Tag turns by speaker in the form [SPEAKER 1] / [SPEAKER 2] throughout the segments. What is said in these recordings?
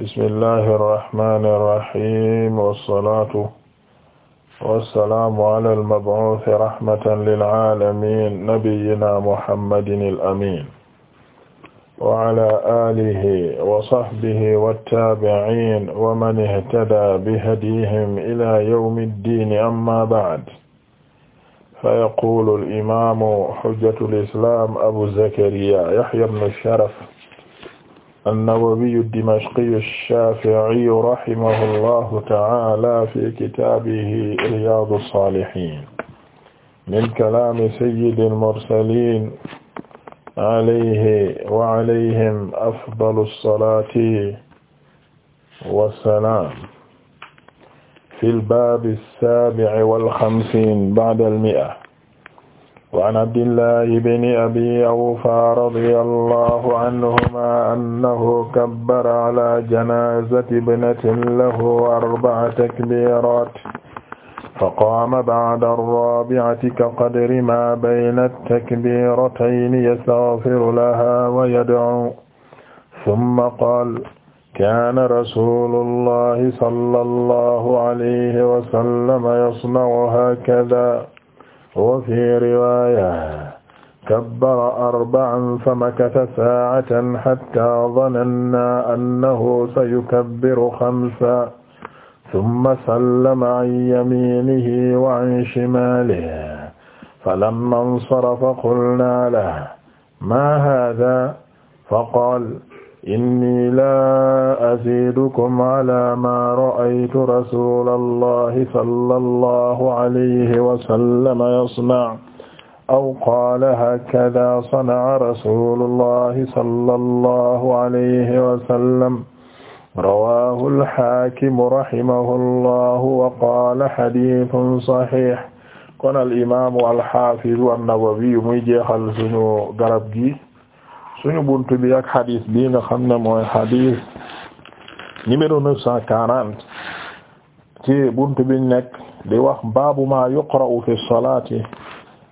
[SPEAKER 1] bismillahi irrahmani irrahim wassalatu wassalaamu ala almabuusi rahmatan lilaalamin nabiyina mohammadin alamin wa ala aalihi wa sahbihi wattaabiciin wa man ihtada bihadihim ila yawmi ddiini amma bacd fa yaquulu alimamu xujjatu lislaam abu zakariya yaxya bnu sharaf an-Nawawiyu ad-Dimashqiyu ash-Shaafi'iyu rahimahu llahu ta'aala fi kitaabihi Riyaadu as-Saalihiin min kalaami sayyidi al-mursaliin alayhi wa alayhim afdalu as-salaati was-salaam fi al-baabi as-saabi'i wal-xamsiin ba'da al-mi'a waan abdillahi bni abi awfa radiyallahu anhuma annahu kabbara ala janazati ibnatin lahu arba'a takbirat faqaama ba'da arrabi'ati kaqadri ma bayna attakbiratayni yastaghfiru laha wa yad'u thumma qaala kaana rasulullahi sallallahu alayhi wa sallam yasna'u hakadha wa fi riwaaya kabbara arba'an famakatha saa'atan hattaa dhanannaa annahu sayukabbiru khamsan thumma sallama an yamiinihi wa an shimaalihi falammaa insarafa qulnaa lahu maa haadhaa faqaala inni laa aziidukum ala maa ra'aytu rasulallahi sallallahu alayhi wa sallam yasna' aw qaala hakadaa sana'a rasulullahi sallallahu alayhi wa sallam rawaahu al-haakim rahimahullahu wa qaala hadiisun sahiih kon al imaamu al-haafizu an-nawawi muy jeexal sunu garab gi. suñu buntu bi ak xadis bi nga xam ne mooy xadis numéro neuf cent quarante ci buntu bi nekk di wax baabu ma yuqra'u fi salaati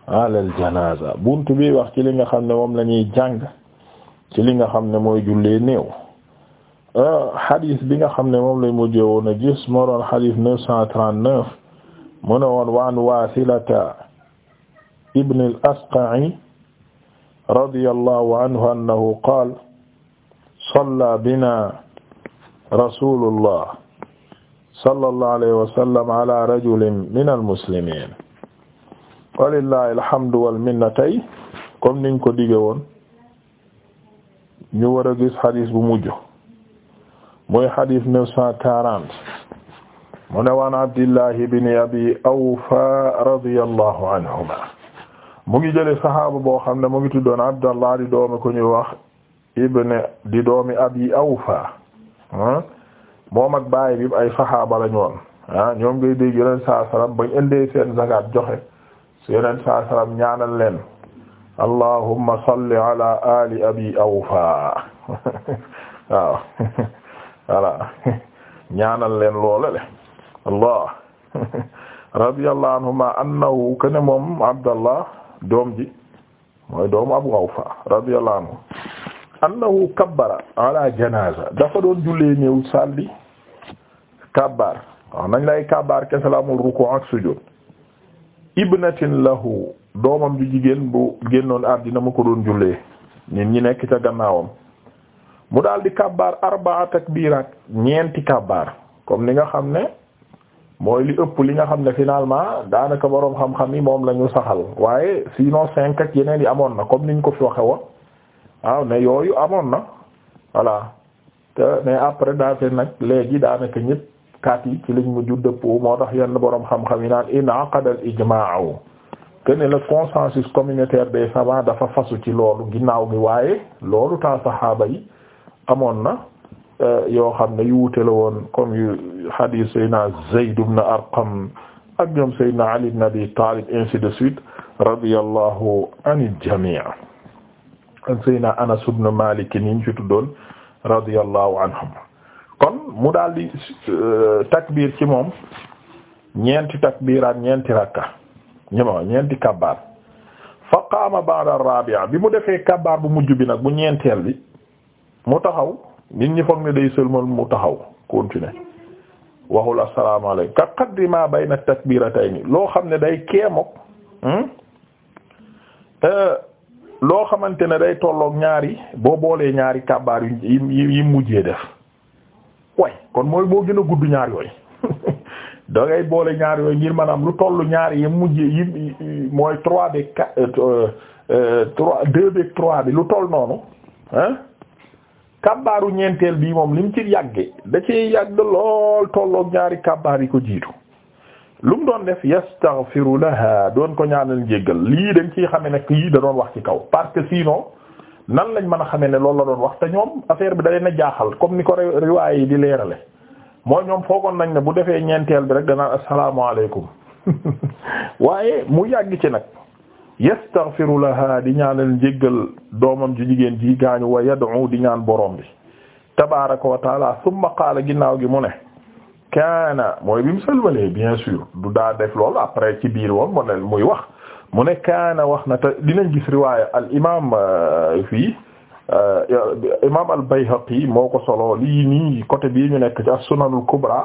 [SPEAKER 1] ala al janaza buntu bi wax ci li nga xam ne moom la ñuy jàng ci li nga xam ne mooy new néew xadis bi nga xam ne moom lañ mujjee woon a gis moo doon xadis neuf cent trente mu ne woon waan waasilata ibn al asqa'i radiyallahu anhu annahu qaala salla bina rasulullah sallallahu alayhi wa sallam ala rajulin min almuslimin walillahi alhamdu walminna tey comme niñ ko dige woon ñu war a gis xadis bu mujj mooy xadis neuf cent quarante mu ne waan abdillahi bini abi awfa radiyallahu anhuma mu ngi jële saxaaba boo xam ne mu ngi tuddoon Abdallah di doomi ku ñuy wax ibn di doomi Abi Awfa ah, moom ak baay bi ay saxaaba la ñu woon ah ñoom ngay dégg yeneen saa salaam bañ indee seen zakat joxe yeneen saa salaam ñaanal leen allahumma salli ali abi awfa waaw voilà ñaanal leen loole le allah radiyallahu anhuma annahu moom abdallah doom ji mooy doomu Abu Awfa radiyallahu anhu annahu kabbara ala janaza dafa doon jullee ñëw salli kabbar waaw nañ lay kabar kese la amul ruku ak sujud ibnatin lahu doomam ju jigéen bu génnoon dina mu ko doon jullee nit ñi nekk ca gannaawam mu daal di kabbar arbaa takbiraat ñeenti kabar comme ni nga xam ne mooy li ëpp li nga xam ne finalement daanaka boroom xam-xam yi moom lañu ñu saxal waaye sinon cinq ak yeneen yi amoon na comme niñ ko fi waxe woon waaw ne yooyu amoon na voilà te mais après daa fe nag léegi daanaka ñëpp kat yi ci liñ mujj dëppoo moo tax yenn boroom xam-xam yi naan inaqada al ijma'u que ne le consensus communautaire des savants dafa fasu ci loolu ginnaaw bi waaye loolu ta saxaaba yi amoon na Euh, yoo xam ne yu wute la woon comme yu hadith Seydina Zayd ibn Arqam ak ñoom Seydina Ali ibn Abi Talib ainsi de suite radiyallahu anil jami' ak Seydina Anas ibn Malik ni ñu ci tuddoon radiyallahu anhum kon mu daal di euh, takbir ci moom ñeenti takbiraat ñeenti rakka ñeenti kabbaar fa qaama ba'da rabi'a bi mu defee kabbaar bu mujj bi nag bu ñeenteel bi mu taxaw nit ñi foog ne day sëlmal mu taxaw continuer waxul asalaamaaleykum ka nag ma bayna takbiratayni loo xam ne day keemook hmm? euh, loo xamante ne day tollook ñaari boo boolee ñaari kabaar yu yi mujjee def way kon mooy moo gën a gudd ñaar yooyu da boole ñaar yooyu ngir maanaam lu tollu ñaari yi mujjee yi mooy trois beeg quatre euh, euh, trois deux beeg trois bi lu toll noonu hein kabbaaru ñeenteel bii moom li mu ci yàgge da ci yàgg lool tolloog ñaari kabbaar yi ko jiitu lu mu doon def la laha doon ko ñaanal jéggal lii dañ ci xame ne yii da doon wax ci kaw parce que sinon nan lañ mën a xamee ne loolu la doon wax te ñoom affaire bi da leen a jaaxal comme ni ko riwaay yi di leerale moo ñoom foogoon nañ ne bu defee ñeenteel bi rek danaan asalaamaaleykum waaye mu yàgg ci nag yastaghfiru laha di ñaanal jéggal doomam ji jigéen ji gaañu wa yad'u di ñaan borom bi tabaaraka wa taala summa qaala ginnaaw gi mu ne kaana mooy bi mu sëlmalee bien sûr du daa def lool après ci biir woon mu ne muy wax mu ne kaana wax na te dinañ gis riwaaya al imaam euh, fii euh, imaam al bayhaqi moo ko solo lii nii côté bii ñu nekk ci as sunanul kubra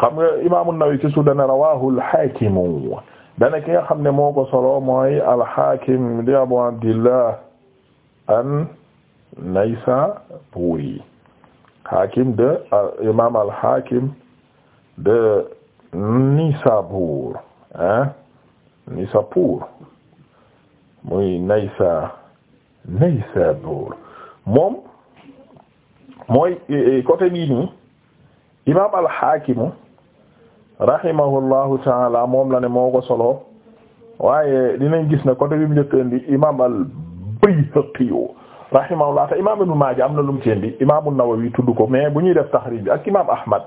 [SPEAKER 1] xam nga imaam an-Nawawi ci su dana rawaahu al haakimu dana ki nga xam ne moo solo mooy al-Hakim di Abu Abdillah an-Naysaburi Hakim de imam al de Nisabur ah Nisapur muy Naysa Naysabur moom mooy eh, eh, côté bii nii imam rahimahullahu taala moom la ne moo ko solo waaye dinañ gis ne côté bi mu njëkk indi imaam al-Bayhaqi rahimahullah te imaam Ibn Maaja am na lu mu ci indi imaam an-Nawawi tudd ko mais bu ñuy def taxriij bi ak imaam Ahmad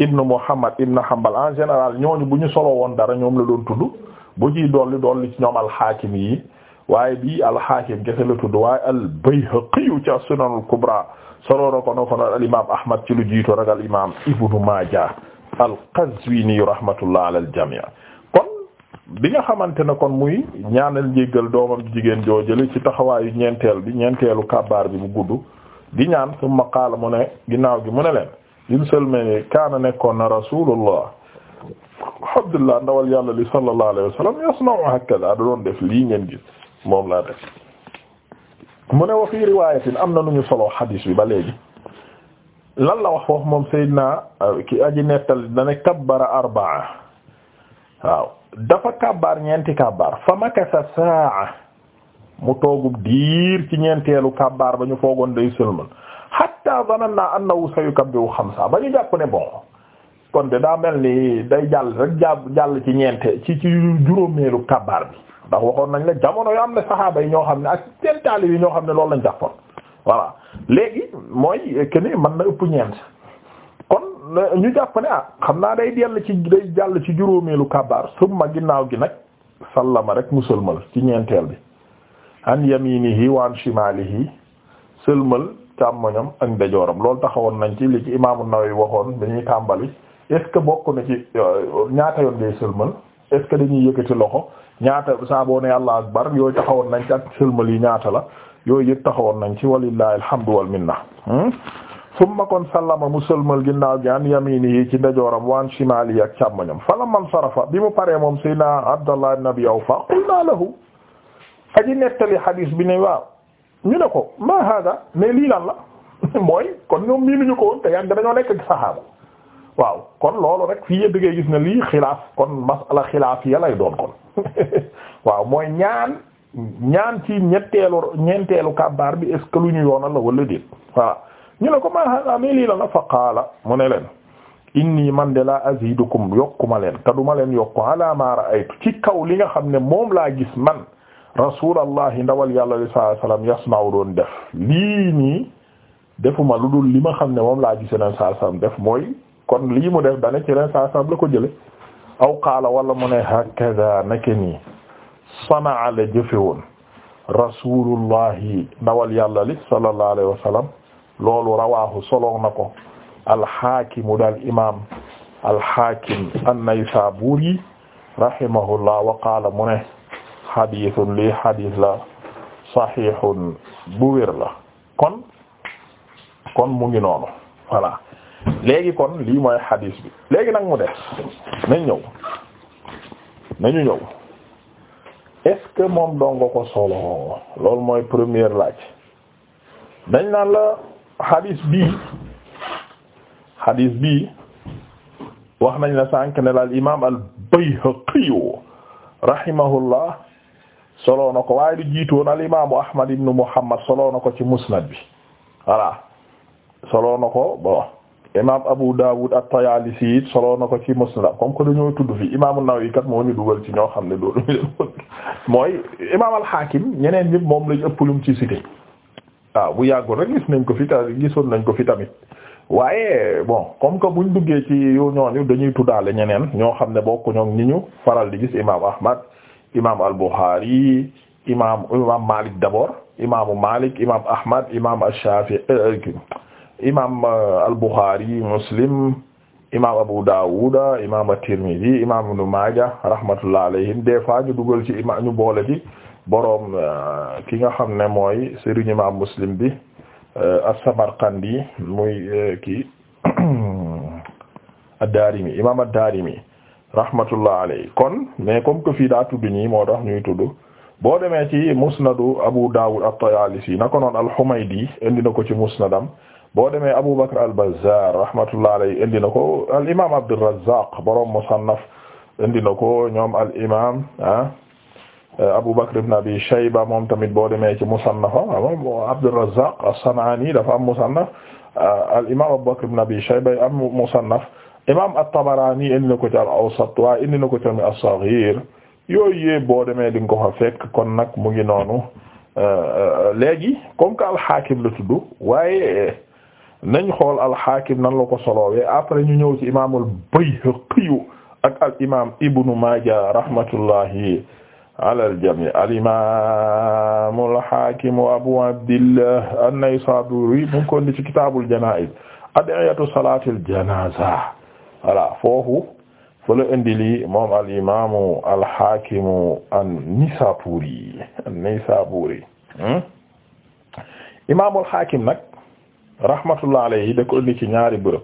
[SPEAKER 1] ibn Muhammad ibn Hanbal en général ñooñu bu ñu solo woon dara ñoom la doon tudd bu ciy dolli dolli ci ñoom al-Haakim yi waaye bii al-Haakim gese la tudd waaye al-Bayhaqi ci as-Sunan kubra solo na ko al imaam Ahmad ci lu jiitu ragal imaam Ibn Maaja al-Qazwini rahmatullah ala al-jami' kon bi nga xamante ne kon muy ñaanal njéggal doomam jigéen joojale ci taxawaayu ñeenteel bi ñeenteelu kabaar bi bu gudd di ñaan summa qaala mu ne ginnaaw gi mu ne leen im selmene kaana nekkoon na rasulullah Abdullah ndawal yàlla li sallallahu alayhi wa sallam da doon def lii ngeen gis moom laa def mu ne wa fii am na lu ñu solo xadiis bi ba léegi lal la wax foofu moom naa euh, ki aji nettal dana kabbara arbaa waaw dafa kabbar ñeenti kabbar fa kasa saa mu toogub diir ci ñeenteelu kabbar ba ñu foogoon day sëlmal hatta zananna annahu xam xamsa ba ñu jàpp ne bon kon de daa mel ni day jàll rek jàpp jàll ci ñeente ci ci juróomeelu kabbar bi ndax waxoon nañ la jamono yu am na saxaaba yi ñoo xam ne ak seen taali yi ñoo xam ne loolu lañ jàppoon voilà léegi mooy que man mën na ëpp ñeent kon ñu jàpp ne ah xam naa day dell ci day jàll ci juróomeelu kabaar summa ginnaaw gi nag sallama rek mu sëlmal ci ñeenteel bi an yaminihi wa an shimalihi sëlmal càmmoñam ak ndejooram loolu taxawoon nañ ci li ci imaamu Nawawi waxoon dañuy tàmbali est bokk na ci euh, ñaata yoon ngay sëlmal est ce que dañuy yëkkati loxo ñaata saa boo ne Allahu akbar yooyu taxawoon nañ ci ak sëlmal yi ñaata la yooyu yëpp taxawoon nañ ci walillahi alhamdu wal minna hmm? summa kon sallama mu sëlmal ginnaaw gi an yaminihi ci ndajooram waan shimali ak càmmoñam fala man sarafa bi mu paree moom sayna abdallah ibn abi awfa qulna lahu aji nettali hadis bi ni waaw ñu ne ko ma hada mais lii lan la mooy kon ñoom mii ñu ko woon te yàgg dañoo nekk saxaaba waaw kon loolu rek fii yëpp da ngay gis ne lii xilaaf kon masala xilaaf ya lay doon kon waaw mooy ñaan ñaan ci ñetteelu ñeenteelu kabaar bi est ce que lu ñu yoonal la wala déet voilà ñu ne ko ma hada lii la qaala mu ne leen inni man de la azidukum yokkuma leen te duma leen yokku ala ay ra'aytu ci kaw li nga xam ne moom laa gis man rasulallahi ndawal yàlla li sallallahu alayhi doon def lii nii defuma lu dul li ma xam ne moom laa gis leen sallallahu def mooy kon lii mu def dane ci leen sallallahu la ko jële aw qaala wala mu ne hakaza nake nii sanaa la jëfe woon rasulullahi ndawal yàlla li sallallahu alayhi wa sallam loolu rawaahu solo na ko alxaakimu daal imaam alxaakim an-Naysaburi rahimahullah wa qaala mu ne xadiisun lii xadiis la saxiixun bu la kon mu ngi noonu voilà léegi kon lii mooy xadiis bi léegi nag mu des nañ ñëw nañu ñëw. est moom dongo ko solo loolu mooy première laaj dañ naan la hadis bii hadis bii wax nañ la sànq ne la al imaam al Bayhaqi rahimahullah solo na ko waaye di jiitoon al imaamu Ahmad ibn Muhammad solo na ko ci musnad bi voilà solo na ko bon. imaam Abu Dawud at-Tayaalisi it solo na ko ci Musnad comme que dañoo tudd fii imaam An-Nawawi kat moo ñu dugal ci ñoo xam ne loolu mooy imaam al ñeneen ñëpp moom lañ ëpp lum ci cité waaw bu yàggul rek gis nañ ko fi ta gisoon nañ ko fi tamit waaye bon comme que buñ duggee ci yu ñooñu dañuy tuddaale ñeneen ñoo xam ne bokk ñoom ñi ñu faral di gis imaam Ahmad imaam al-Bukhari imaam imaam Malik d'abord imaamu Malik imaam Ahmad imaam Ash-Shafi'i euh, imaam euh, al-Bukhari Muslim imaam Abu Dawuda imaam at-Tirmidhi imaam Ibn Maaja rahmatullah alayhim des fois ñu dugal ci imaam ñu boole ci boroom euh, ki nga xam ne mooy sëriñ imaam Muslim bi euh, as-Samarqandi muy kii ad-Daarimi imaam ad-Daarimi rahmatullah alayhi kon mais comme que fii daa tudd ñi moo tax ñuy tudd boo demee ci musnadu Abu Dawud at-Tayalisi na ko noon al-Humaydi indi na ko ci musnadam boo demee Abu Bakr al-Bazzar rahmatullah alayhi indi na ko al imaam Abdur Razzaq borom Musannaf indi na ko ñoom al imaam ah Abu Bakr ibn Abi Shayba moom tamit boo demee ci Musannaf ah, moom Abdur Razzaq as-San'ani dafa am Musannaf ah, al imaam Abu Bakr ibn Abi Shayba am Musannaf imaam at-Tabarani indi na ko ci al-Awsat waaye indi na ko tamit as-Saghir yooyu yëpp boo demee di nga ko fa fekk kon nag mu ngi noonu ah, léegi comme que al-Hakim la tudd waaye. nañ xool alxaakim nan la ko après ñu ñëw ci imaamul Bayhaqi ak al imaam Ibnu Maaja rahmatullahi ala al-jamii al imaamul Haakim Abu Abdillah an-Naysaabuuri mu ngi ko indi ci kitaabul janaa'iz ad'iyatu salaatil janaaza voilà foofu fa la indi lii al imaamu al Haakim an-Naysaabuuri an-Naysaabuuri hmm? imaamul Haakim nag. rahmatullah alayhi da ko indi ci ñaari bërëb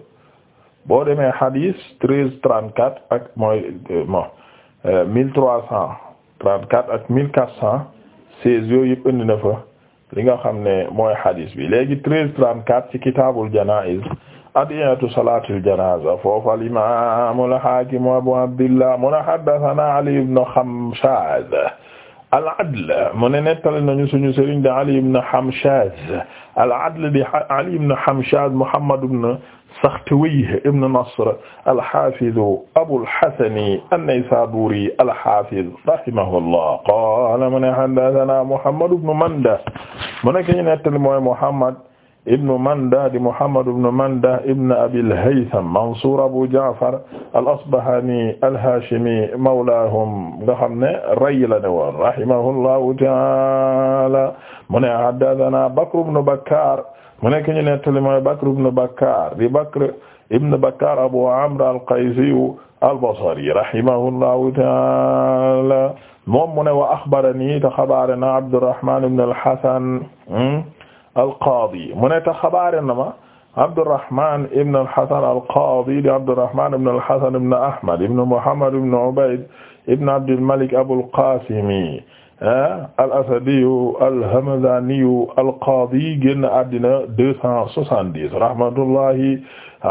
[SPEAKER 1] boo demee hadis treize trente quatre ak mooy euh, bon euh, mille trois cent trente quatre ak mille quatre cent seize yooyu yëpp indi na fa li nga xam ne mooy hadis bi léegi treize trente quatre ci kitaabul janaa'iz adiyatu salaatil janaaza foofu al imaam al haakim abu abdillah mun haddathanaa ali ibn Khamshad al-Adl mu ne nettali nañu suñu sëriñ de Ali ibn Hamshaz al-Adl di Ali ibn Hamshaz Muhammad ibn Sakhtawayh ibn Nasr al-Hafiz Abu al-Hasan an-Naysaburi al-Hafiz rahimahullah qala mu ne haddathana Muhammad ibn Manda mu ne ki ñu nettali mooy Muhammad ibnu Manda di Muhammad ibnu Manda ibnu Abil Haytham Mansour Abu Ja'far al-Asbahani al-Hashimi mawlaahum nga xam ne rëy la ne woon rahimahullahu ta'ala mu ne haddathana Bakr ibnu Bakkar mu nekk ñu nettali mooy Bakr ibnu Bakkar di Bakr ibnu Bakkar Abu Amr al-Qaysi al-Basri rahimahullahu ta'ala moom mu ne wa akhbarani te xabaare na Abdurrahman ibnu al-Hasan hmm? al-Qaadi mu ne tax xabaare na ma Abdurrahman ibn al-Hasan al-Qaadi di Abdurrahman ibn al-Hasan ibn Ahmad ibn Muhammad ibn Ubayd ibn Abdul Malik Abul Qaasim ah, al-Asadiyu al-Hamdaaniyu al-Qaadi génn àddina deux cent soixante-dix rahmatullahi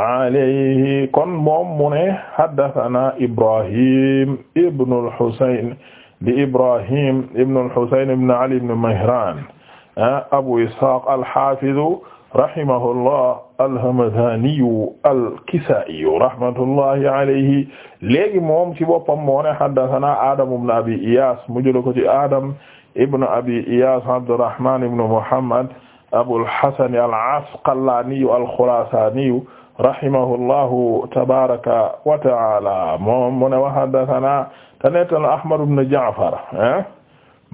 [SPEAKER 1] alayhi kon moom mu ne haddasanaa Ibrahim ibn al-Husayn di Ibrahim ibn al-Husayn ibn Ali ibn Mihraan Abu Ishaq al-Hafiz rahimahullah al-Hamdaniyu al-Kisaa'iyu rahmatullahi alayhi léegi moom ci boppam moo ne haddathana Adam ibn Abi Iyas mu jël ko ci Adam ibn Abi Iyas Abdurrahman ibn Muhammad Abul Hasan al-Asqalaniyu al-Khurasaniyu rahimahullahu tabaraka wa ta'ala moom mu ne wa haddathana tanettal Ahmad ibn Ja'far eh?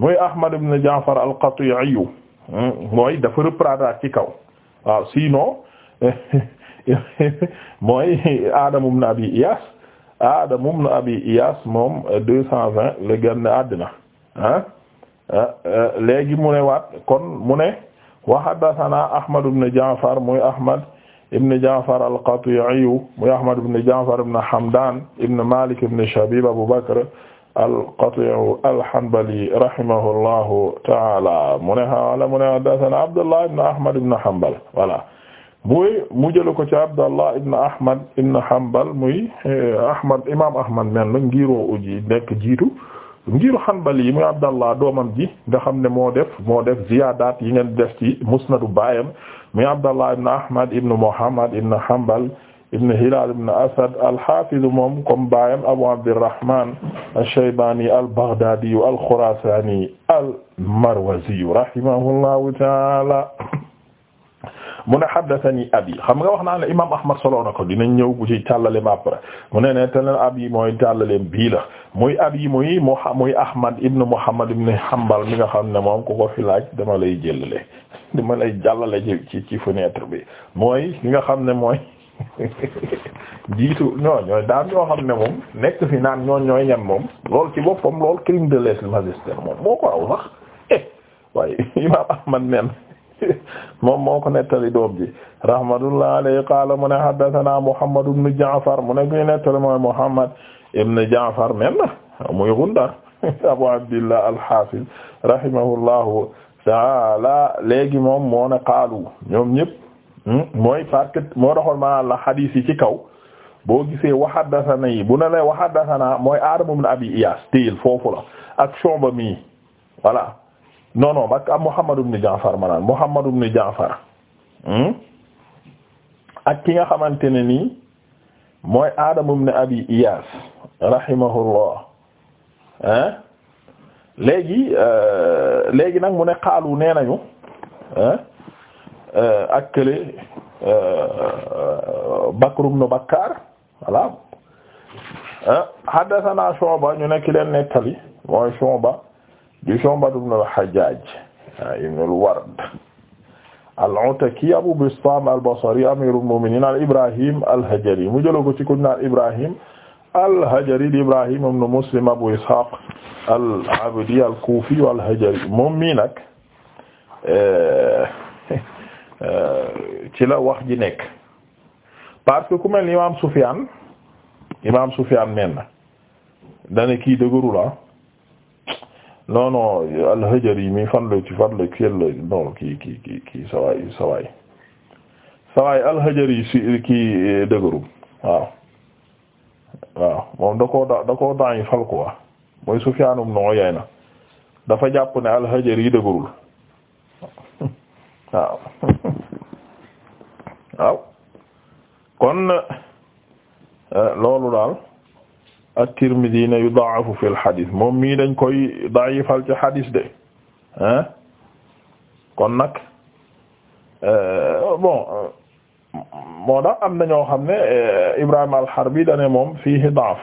[SPEAKER 1] muy Ahmad ibn Ja'far al-Qati'iyu Hmm? mooy dafa reprendre ci kaw waaw sinon mooy Aadam ibn Abi Iyas Aadam ibn Abi Iyas moom euh, deux cent vingt la génn àddina euh, euh, léegi mu ne waat kon mu ne wa na Ahmad ibn Ja'far muy Ahmad ibn Ja'far al-Qati'i muy Ahmad ibn Ja'far ibn Hamdan ibn Malik ibn Shabib Abu Bakr al-Qati' al-Hanbali rahimahullahu ta'ala mu ne xaaral mu ne Abdullah ibn Ahmad ibn Hanbal voilà muy mu jël ko ci Abdallah ibn Ahmad ibn Hanbal muy eh, Ahmad imaam Ahmad mel na ngiroo uji nekk jiitu ngiru Hanbali yi muy Abdallah doomam ji ne moo moo def ziyaadaat yi ngeen def ci musnadu baayam muy Abdallah ibn Ahmad ibn Muhammad ibn Hanbal ibn Hilal ibn Asad al-Hafiz moom comme baayam Abu Abdirrahman ash-Shaybani al-Baghdadi al-Khurasani al-Marwazi rahimahullahu ta'ala mu ne haddathani abi xam nga wax naa ne imaam Ahmad solo na ko dinañ ñëw bu ci tàllaleem après mu ne ne tenen abi mooy tàllaleem bii la muy abi muy mu muy Ahmad ibn Muhammad ibn Hanbal mi nga xam ne moom ku ko fi laaj dama lay jëlale ma lay jàllale ci ci fenêtre bi mooy li nga xam ne mooy. jiitu ñoo ñooy daal ñoo xam ne moom nekk fi naan ñoo moom lool ci boppam lool crime de lèse magistère moom moo ko raw sax eh waaye imam ahmad nen moom moo ko nettali doom ji rahmatullah alayhi qaala mu ne haddathana muhammad ibn ja'far mu ne kuy nettali abu abdillah al-hafiz rahimahullahu ta'ala léegi moom moo ne qaalu ñoom ñépp Hmm? mooy parce que moo taxoon maanaam la xadiis yi ci kaw boo gisee waxaddasana yi bu ne lay waxaddasana mooy Aadama ibn Abi Iyaas téyil foofu la ak Shu'ba mi voilà non non ak am Muhammad ibn Ja'far maanaam Muhammad ibn Ja'far hmm? ak ki nga xamante ne nii mooy Aadama ibn Abi Iyaas rahimahullah hein léegi euh, léegi nag mu ne xaalu nee nañu Euh, ak kële euh, Bakr ibn Bakkar voilà euh, haddathana Shu'ba ñu nekk leen nettali mooy Shu'ba di Shu'ba ibn al-Hajjaj ah, ibn al-Ward al-Ataki Abu Bistam al-Basri amirul mu'minin al-Ibrahim al-Hajari mu jëloo ko ci ku ñu naan Ibrahim al-Hajari di Ibrahim ibn Muslim Abu Ishaq al-Abdi al-Kufi al-Hajari moom mii nag. ci la wax ji nekk parce que ku mel ni imaam Sufyaan imaam Sufyaan mel na dana kii dëgëru la ah. non non al-Hajari mi fan la ci fan la kii la non kii kii sawaay sawaay sawaay al-Hajari si kii dëgëru waaw waaw moom da koo da da koo daañu fal quoi mooy Sufyaan ibn Uyayna dafa jàpp ne al-Hajari dëgërul. waaw kon eh, loolu daal at-Tirmidhi ne yudaafu fi al-hadith moom mii dañ koy dayifal ci hadith de hein kon nag eh, bon moo tax am na ñoo xam ne eh, Ibrahim al-Harbi dane moom fiihi daaf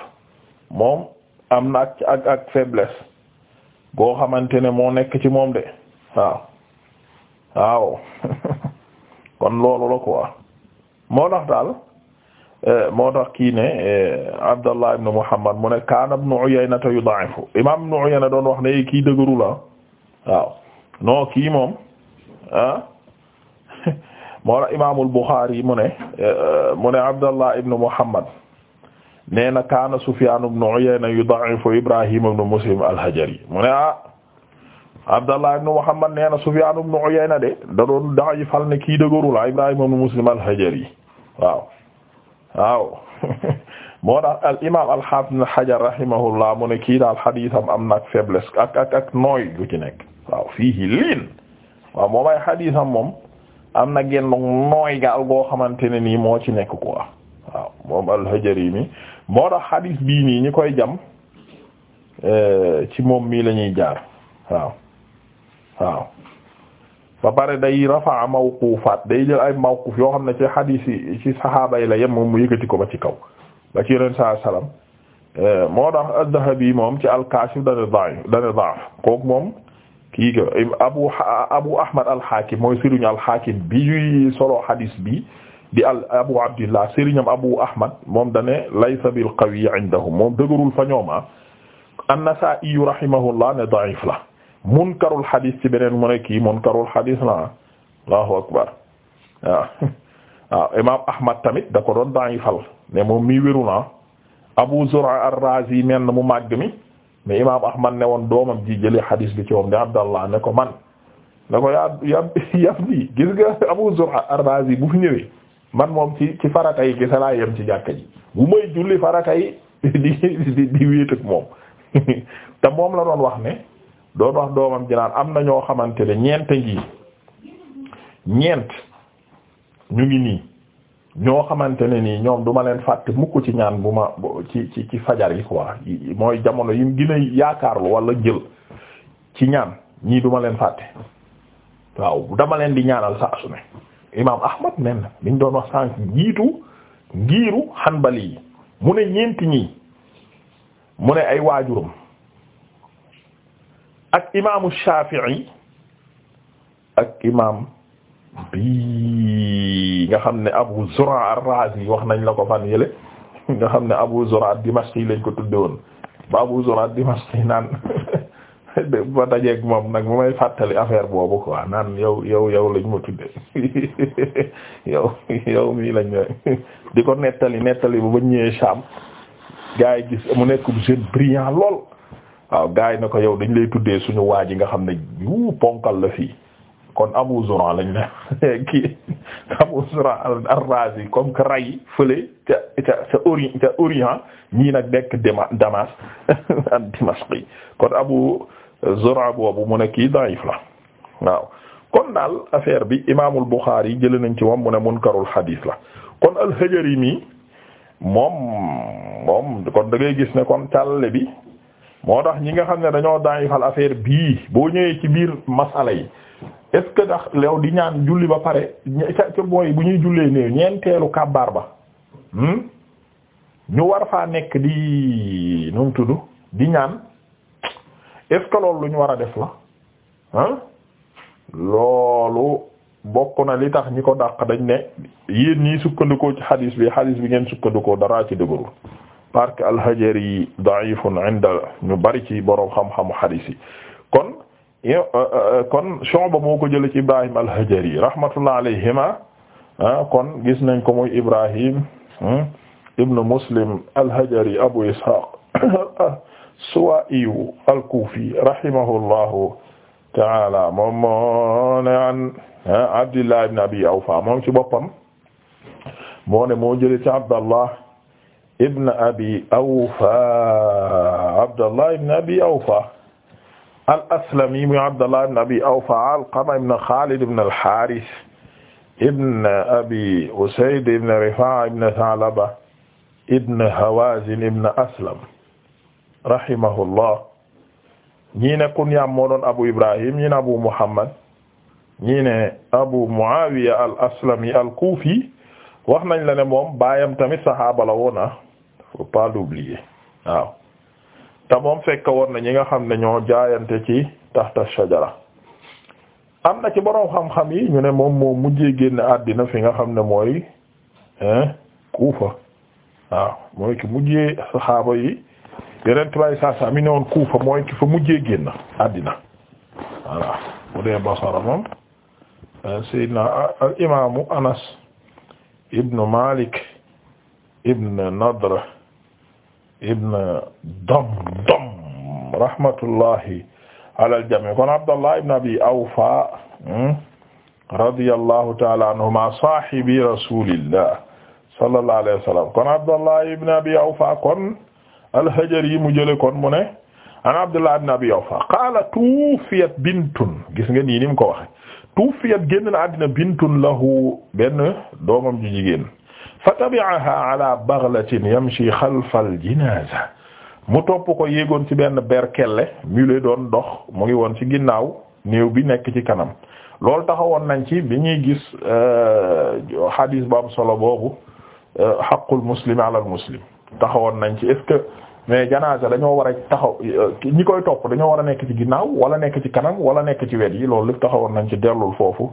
[SPEAKER 1] moom am na ak ak ak faiblesse goo xamante ne moo nekk ci moom de waaw waaw kon loolu la quoi moo tax daal eh, moo tax kii ne eh, Abdallah ibn Muhammad mu ne kaana ibn Uyayna yudaa'ifu yu ibn wax eh, kii dëgëru la waaw non kii moom ah moo tax imaamul Buxaari mu ne mu ne Abdallah ibn Muhammad nee na kaana Sufyaan ibn yu yudaa'ifu Ibraahiim ibn Muslim al-Hajari mu ne ah. Abdallah ibn Muhammad nee na Sufyaan ibn Uyayna de da fal ne kii dëgërul ah Ibrahima ibn Muslim al waaw waaw moo tax al imaam al-Haafiz ibn mu ne kii daal xadiisam am na ak faiblesse ak ak ak nooy lu ci nekk waaw fiihi liin waaw moom ay xadiisam moom am na genn nooy gaal goo xamante ne nii moo ci nekk quoi waaw moom al mi moo tax xadiis bii nii ñi koy jam eh, ci moom mii lañuy ñuy jaar waaw waaw ba pare day rafaa mawqufaat day jël ay mawquf yoo xam ne ci hadith yi ci saxaaba yi la yem moom mu yëkkati ko ba ci kaw ba ci yeneen saa salaam moo tax dahabi moom ci al-Kaashif dana da'if moom kii ga Abu Ahmad al mooy sëriñu al bi solo hadith bi di al Abu Abdillah sëriñam Abu Ahmad moom dane laysa bil qawi indahum moom dëgërul fa ñooma ah. an-Nasaa'i rahimahullah ne da'if la munkarul xadis ci beneen mu ne kii munkarul xadis la allahu akbar waaw waaw imaam Ahmad tamit da ko doon da'ifal ne moom mii wéru na Abu Zur'a ar-Razi men mu màgg mi mais imaam Ahmad ne woon doomam ji jële xadis bi ci moom di Abdallah ne ko man ne ko yaa yab yab bi gis nga Abu Zur'a ar-Razi bu fi ñëwee man moom ci ci farata yi kese laa yem ci jàkka ji bu may julli farata yi di di di moom te moom la doon wax ne. doon wax doomam ji am na ñoo xamante ne ñeent ngi ñeent ñu ngi nii ñoo xamante ne nii ñoom duma leen fàtte mukk ci ñaan bu ma ci ci ci fajar yi quoi mooy jamono yi gën a yaakaarlu wala jël ci ñaan ñii duma leen fàtte waaw dama leen di ñaanal saa su ne imaam Ahmad nen liñ doon wax sànq jiitu ngiiru Hanbali yi mu ne ñeenti ñii mu ne ay waajuram imaamu Shafi'i ak imaam bii nga xam ne Abu Zur'a ar-Razi wax nañ la ko fan yële nga xam ne Abu Zur'a Dimashqi lañ ko tudde woon ba Abu Zur'a Dimashqi naan ba dajeeg moom nag bu may fàttali affaire boobu ko quoi naan yow yow yow lañ ma tudde yow yow mii lañ di ko nettali nettali ba ba ñëwee Sham gaa yi gis mu nekk jeune brillant lool waaw gars yi na ko yow dañu lay tuddee suñu waa ji nga xam ne yu ponkal la fii kon Abu Zur'a lañu ne kii Abu Zur'a ar-Razi comme que ray fële ca Orient ñii nag nekk Dema Damas ak Dimashqi kon Abu Zur'a boobu mu ne kii da'if la waaw. kon daal affaire bi imaamul Bukhari jëlee nañ ci moom mu ne munkarul hadith la kon al-Hajarimi moom moom kon da gis ne kon tàlle bi moo tax ñi nga xam ne dañoo daayifal affaire bii boo ñëwee ci biir masala yi est ce que ndax lew di ñaan julli ba pare ca ca booy bu ñuy jullee néew ñeenteelu kàbbaar ba hmm? ñu war faa nekk di nu mu di ñaan est ce lu ñu war a def la ah loolu bokk na li tax ñi ko dàq dañ ne yéen ñii sukkandikoo ci xadiis bi xadiis bi ngeen sukkandikoo dara ci dëgëru parce que al-Hajari yi da'ifun inda ñu bari ci boroom xam-xamu hadith yi kon euh, euh, euh, kon Shu'ba moo ko jëlee ci Ibrahim al-Hajari rahmatullah alayhima ah, kon gis nañ ko muy Ibrahim hmm, ibn Muslim al-Hajari Abu Ishaq as-Suwa'i al-Kufi rahimahullahu ta'ala moo an ah, Abdullah ibn Abi Awfa moom ci boppam moo ne moo jëlee ci Abdallah ibn abi awfa abdallah ibn abi awfa al-aslami muy abdallah ibn abi awfa alqama ibn xaalid ibn al-haaris ibn abi usayd ibn rifaa ibn saalaba ibn hawaazin ibn aslam rahimahullah ñii ne kunyaam moo doon abu ibrahim ñii ne abu muhammad ñii ne abu muawiya al-aslami al-kuufi wax nañ la ne moom baayam tamit saxaaba la woon ah. faut pas l'oublier waaw te moom fekk woon na ñi nga xam ne ñoo jaayante ci taxta shajara am na ci boroom xam-xam yi ñu ne moom moo mujjee génn àddina fi nga xam ne mooy kuufa waaw mooy ki mujjee saxaaba yi yeneen tubaab saa saa ne woon kuufa mooy ki fa mujjee génn àddina voilà bu dee basara moom euh, sayyidina al euh, imaamu anas ibnu malik ibn nadr ibn Damdam rahmatullahi ala al-jamii kon Abdallah ibn Abi Awfa hmm, radiyallahu ta'ala anhuma sahibi rasulillah sallallahu alayhi wa sallam kon Abdallah ibn Abi Awfa kon al-Hajari mu jële kon mu ne an Abdallah ibn Abi Awfa qaala tuufiyat bintun gis nga nii ni mu ko waxe tuufiyat génn na àddina bintun lahu benn doomam ju jigéen fa tabi'aha ala baghlatin yamshi xalfal jinaaza mu topp ko yéegoon ci benn berkelle mule doon dox mu ngi woon ci ginnaaw néew bi nekk ci kanam loolu taxawoon nañ ci bi ñuy gis euh, hadis bu am solo boobu xaqul euh, muslimi ala al muslim taxawoon nañ ci est-ce que mais janaasa dañoo war a taxaw euh, ñi koy topp dañoo war a nekk ci ginnaaw wala nekk ci kanam wala nekk ci wet yi loolu lépp taxawoon nañ ci dellul foofu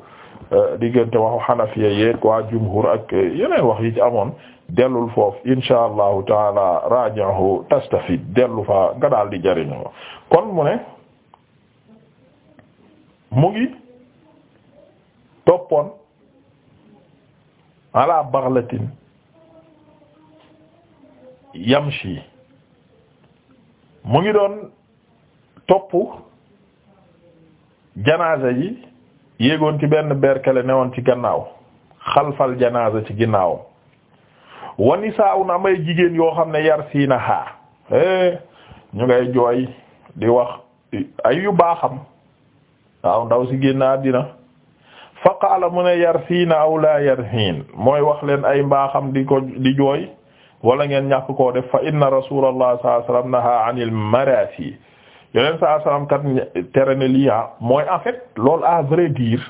[SPEAKER 1] Euh, diggante waxu xanafiya yeeg waa jumhur ak euh, yeneen wax yi amoon dellul foofu insha allahu taala rajahu tastafid dellu fa nga daal di jëriñoo kon mu ne mu ngi toppoon ala baghlatin yamshi mu ngi doon topp janaasa yi yéegoon ci benn berkele newoon ci gannaaw xalfal janaasa ci ginnaawam wa nisaa'un amay jigéen yoo xam ne yar siina xaar eh, ñu ngay jooy di wax ay yu baaxam waaw ndaw si génn àddina fa qaala mu ne yar siina aw laa yar siin mooy wax leen ay mbaaxam di ko di jooy wala ngeen ñàkk koo def fa inna rasulallah sallallahu alayhi wasallam naha anil marasi yeneen saa salaam kat tere ne lii ah, mooy en fait loolu à vrai dire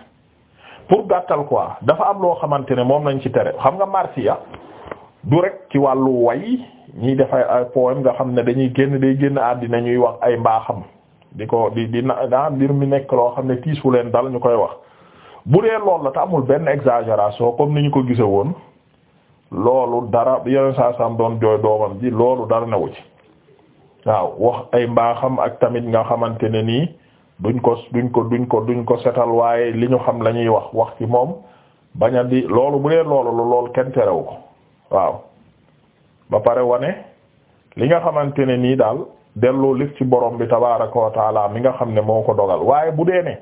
[SPEAKER 1] pour gàttal quoi dafa am loo xamante ne moom lañ ci tere xam nga marsiya du rek ci wàllu way ñii def ay poème nga xam ne dañuy génn day génn àddina ñuy wax ay mbaaxam di ko di di na mbir mi nekk loo xam ne tiisu leen dal ñu koy wax bu dee loolu la te amul benn exagération comme ni ñu ko gise woon loolu dara yeneen saa salaam doon jooy doomam ji loolu dara newu ci. waaw wax ay mbaaxam ak tamit nga xamante ne nii duñ ko duñ ko duñ ko duñ ko setal waaye li ñu xam lañuy wax wax ci moom bañ di loolu bu dee loolu la lool kenn terewu ko waaw ba pare wane li nga xamante ne nii daal delloo lif ci borom bi tabaaraka wa taala mi nga xam ne moo ko dogal waaye bu dee ne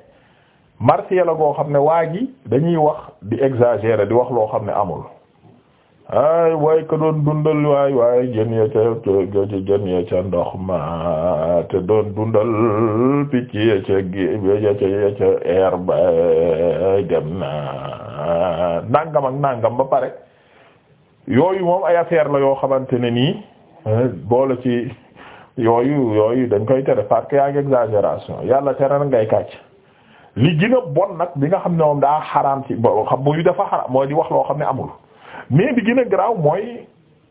[SPEAKER 1] martiya la goo xam ne waa gi dañuy wax di exagérer di wax loo xam ne amul ay way ka doon dundal waay waay jën ya ca jën ya ca ndox ma te doon dundal picc ya ca ya ya ca air ba dem na nangam ak nangam ba pare yooyu moom ay affaire la yoo xamante ne nii eh, boole ci yooyu yooyu dañ koy tere parce que yaa ngi exagération yàlla tere na ngay kàcc li gën bon nag bi nga xam ne moom daa xaraam ci xam buyu dafa xaraam mooy di wax loo xam ne amul mais bi gën a garaaw mooy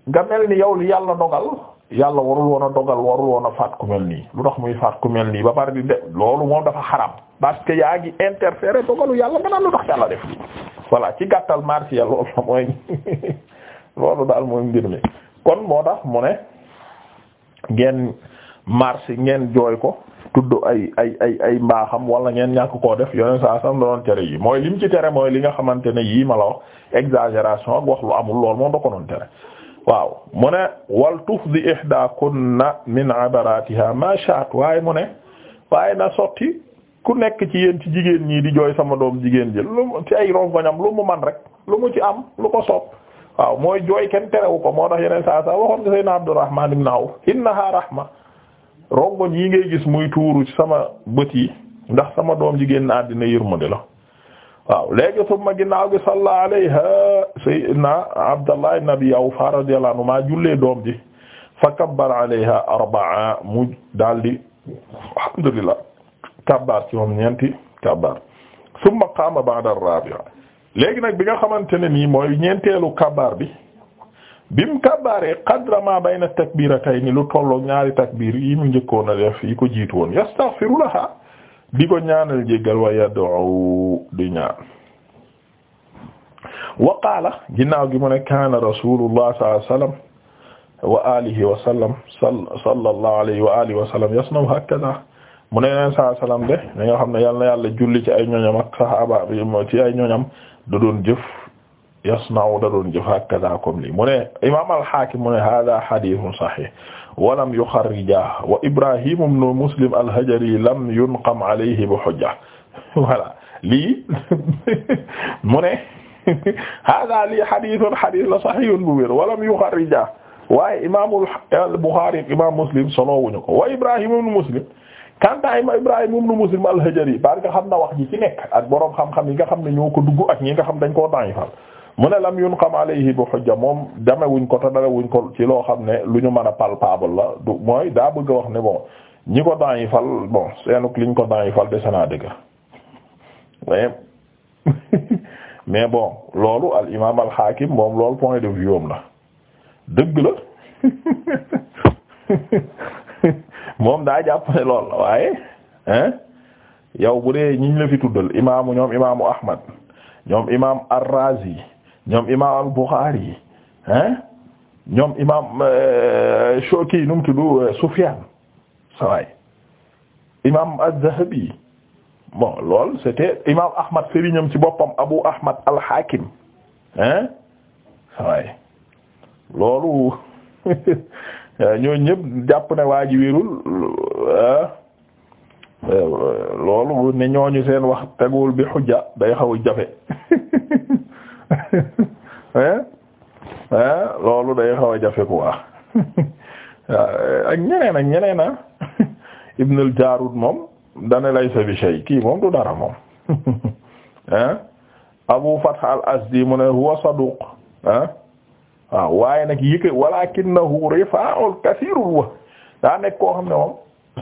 [SPEAKER 1] nga mel ni yow li yàlla dogal yàlla warul woon a dogal warul a faat ku mel nii lu tax muy faat ku mel nii ba pare di de loolu moom dafa xaram parce que yaa ngi interférer dogalu yàlla nga naan lu tax yàlla def voilà ci gàttal marché ya loolu la mooy daal mooy mbir mi kon moo tax mu ne ngeen marché ngeen jooy ko tudd ay ay ay ay mbaaxam wala ngeen ñàkk koo def yoneen saa sam doon tere yi mooy lim ci tere mooy li nga xamante ne yii ma la wax exagération ak wax lu amul lool moom da ko doon tere waaw mu ne wal tufdi ihdakunna min abaratiha ma shaat waaye mu ne waaye na sotti ku nekk ci yéen ci jigéen ñii di jooy sama doom jigéen ji lu ci ay rongoñam lu mu man rek lu mu ci am lu ko soob waaw mooy jooy kenn terewu ko moo tax yeneen saa saa waxoon nga Seydina Abdurrahman ibn Awf innaha rahma rongoñ yi ngay gis muy tuuru sama bët yi ndax sama doom ji génn àddina yërmande la waaw léegi summa ginnaaw gi salla alayha sayyidina Abdallah ibn Abi Awfa radiyallahu anhu maa jullee doom ji fa kabbara alayha arba'a mu daldi alhamdulillah kabbar ci moom ñeenti kabbar summa qaama ba'da ar-rabi'a nag bi nga xamante ne nii mooy ñeenteelu kabbar bi bim kabbaare qadra ma bayna takbiratayni lu tolloog ñaari takbir yi mu njëkkoon a def yi ko jiitu woon yastaghfiru laha di ko ñaanal jéggal wa yad'u ñaan wa qaala ginnaaw gi mu ne kaana rasulullah sallallahu alayhi wa sallam wa alihi wa sallam sallallahu alayhi wa alihi wa sallam mu ne neen saa de mi xam ne yàlla julli ci ay ñoñam ak sahaaba ci ay ñoñam da doon jëf yasna'u da doon jëf hakaza comme lii mu ne imaam al-Haakim mu ne haaza hadiisun sahiih wa lam yuxarrijah wa Ibraahiim ibn Muslim al-Hajari lam yunqam alayhi bi hujja voilà lii mu ne haaza lii hadiisun hadiis la sahiihun bu wér wa lam yuxarrijah waaye imaamul Buxaari imaam Muslim soloowuñu ko wa Ibraahiim ibn Muslim kanta ima Ibrahim ibn Muslim al-Hajari parce que xam na wax ji ci nekk ak boroom xam-xam yi nga xam ne ñoo ko dugg ak ñi nga xam dañ koo daañu fal mu ne lam xam alayhi bi xujja moom demewuñ ko te dalewuñ ko ci loo xam ne lu ñu mën a palpable la du mooy daa bëgg a wax ne bon ñi ko daan yi fal bon seenuk liñ ko daan yi fal dese naa dëgg mais bo loolu al imaam al xaakim moom loolu point de vue am la dëgg la moom daa jàpp ne lool la waaye hein yow bu dee ñiñ la fi tuddal imaamu ñoom imaamu Ahmad ñoom imaam ar-Razi ñoom imaam al-Bukhari hein ñoom imaam euh, Shoki nu mu tudd euh, Sufyan saway imaam az-Zahabi bon lool c'était imaam Ahmad sëriñam ci boppam Abu Ahmad al-Hakim hein saway loolu ñoo ñëpp jàpp ne waa ji wérul euh, loolu ne ñooñu seen wax teguwul bi xujja day xaw a jafe Eh? Eh? loolu day xaw a jafe quoi ak ñeneen ak ñeneen ah Ibn al moom dana laysa bi kii moom du dara moom ah Abu Fath al-Azdi mu ne huwa saduq ah waaw waaye nag yëkk walakinahu rifa'ul kathirul wa daa nekk koo xam ne moom.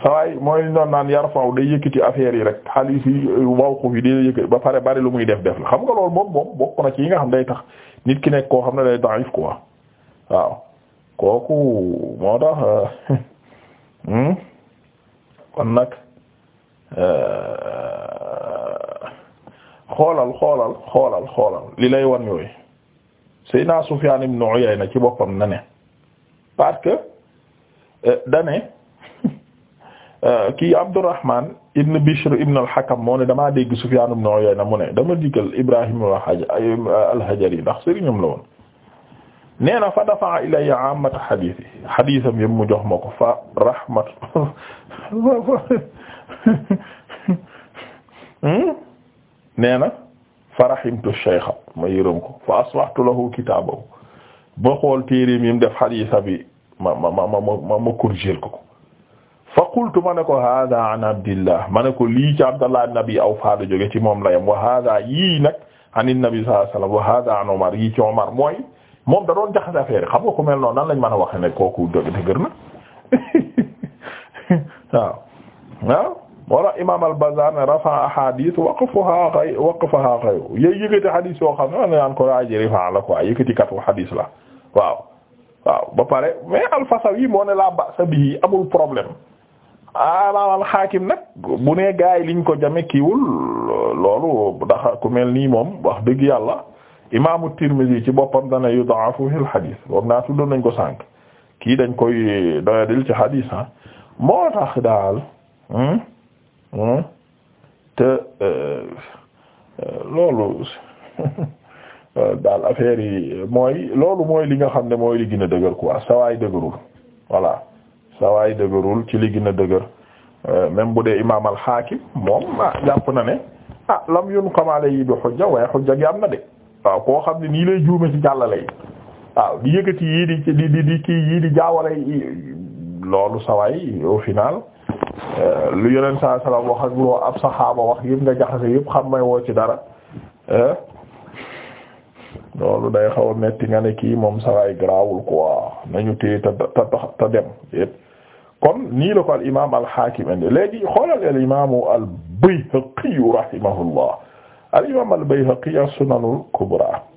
[SPEAKER 1] sawaay mooy li doon naan yar faw day yëkkati affaire yi rek xaalis yi mawquf euh, yi day ba pare bari lu muy def def la xam nga loolu bokk na ci yi nga day tax nit ki nekk koo xam ne day da'if ko waaw kooku moo tax euh, hmm? kon nag euh, xoolal xoolal xoolal xoolal li lay wan yooyu Seydina Sufyaan ibn Uyayna ci boppam na ne parce que dane Euh, kii Abdurrahman ibn Bishr ibn al-Hakam moo ne damaa dégg Sufyan ibn Uyayna mu ne dama dikkal Ibrahim al-Hajari ndax sëriñam la woon nee na fa dafa ilayya ammat xadiis yi xadiisam yëpp mu jox ma ko fa rahmat hmm? nee na fa rahimtu shaykha ma yërëm ko fa aslahtu lahu kitaabahu ba xool téereem yi mu def xadiisa bi ma ma ma ma ma ma corriger ko fa qultu ma ne ko hada an abdillah ma ne ko lii ci abdallah ibn abi awfa la jóge ci moom la yem wa hada yii nag an nabi sallallahu alayhi wasallam wa hada an omar yii ci omar mooy moom da doon jaxase affaire xam nga ko mel noonu nan lañ mën a waxe ne kooku jóge dëgër na waaw waaw wala imam al-Bazzar ne rafa ahadith waqfaha ghay waqfaha ghayr yooyu yëkkati hadith yoo xam ne man naan ko raji rifa la quoi yëkkati katu hadith la waaw waaw ba pare mais al-Fasawi moo ne la ba'sa bihi amul problème imaam ah, al-Hakim nag bu ne gaay liñ ko jame kiiwul loolu ndax ku mel nii moom wax dëgg yàlla imaamu Tirmidhi ci boppam dana yudaafu fil hadith war naa tuddoon nañ ko sànq kii dañ koy doyadil ci hadith ah moo tax daal hmm, hmm, te euh, loolu daal affaire yi mooy loolu mooy li nga xam ne mooy li gën a dëgër quoi sawaay dëgërul voilà sawaay dëgërul ci li gën a dëgër euh, même bu dee imaam al-Hakim moom ah, jàpp na ne ah lam yun xamaale yi bi xujja waaye xujja gi am na de waaw koo xam ne nii lay juume ci jàllale yi waaw di yëkkati yii di di di kii yii di jaawale loolu sawaay au final euh, lu yeneen saa salaam wax ak loo ab saxaaba wax yëpp nga jaxase yëpp xam may woo ci dara euh, loolu day xaw a metti nga ne kii moom sawaay garaawul quoi nañu téye ta ta ta dem yëpp kon nii la ko al imaam al Haakim indi léegi xoolal al imaamu al Bayhaqi rahimahullah al imaam al Bayhaqi as-Sunanul Kubra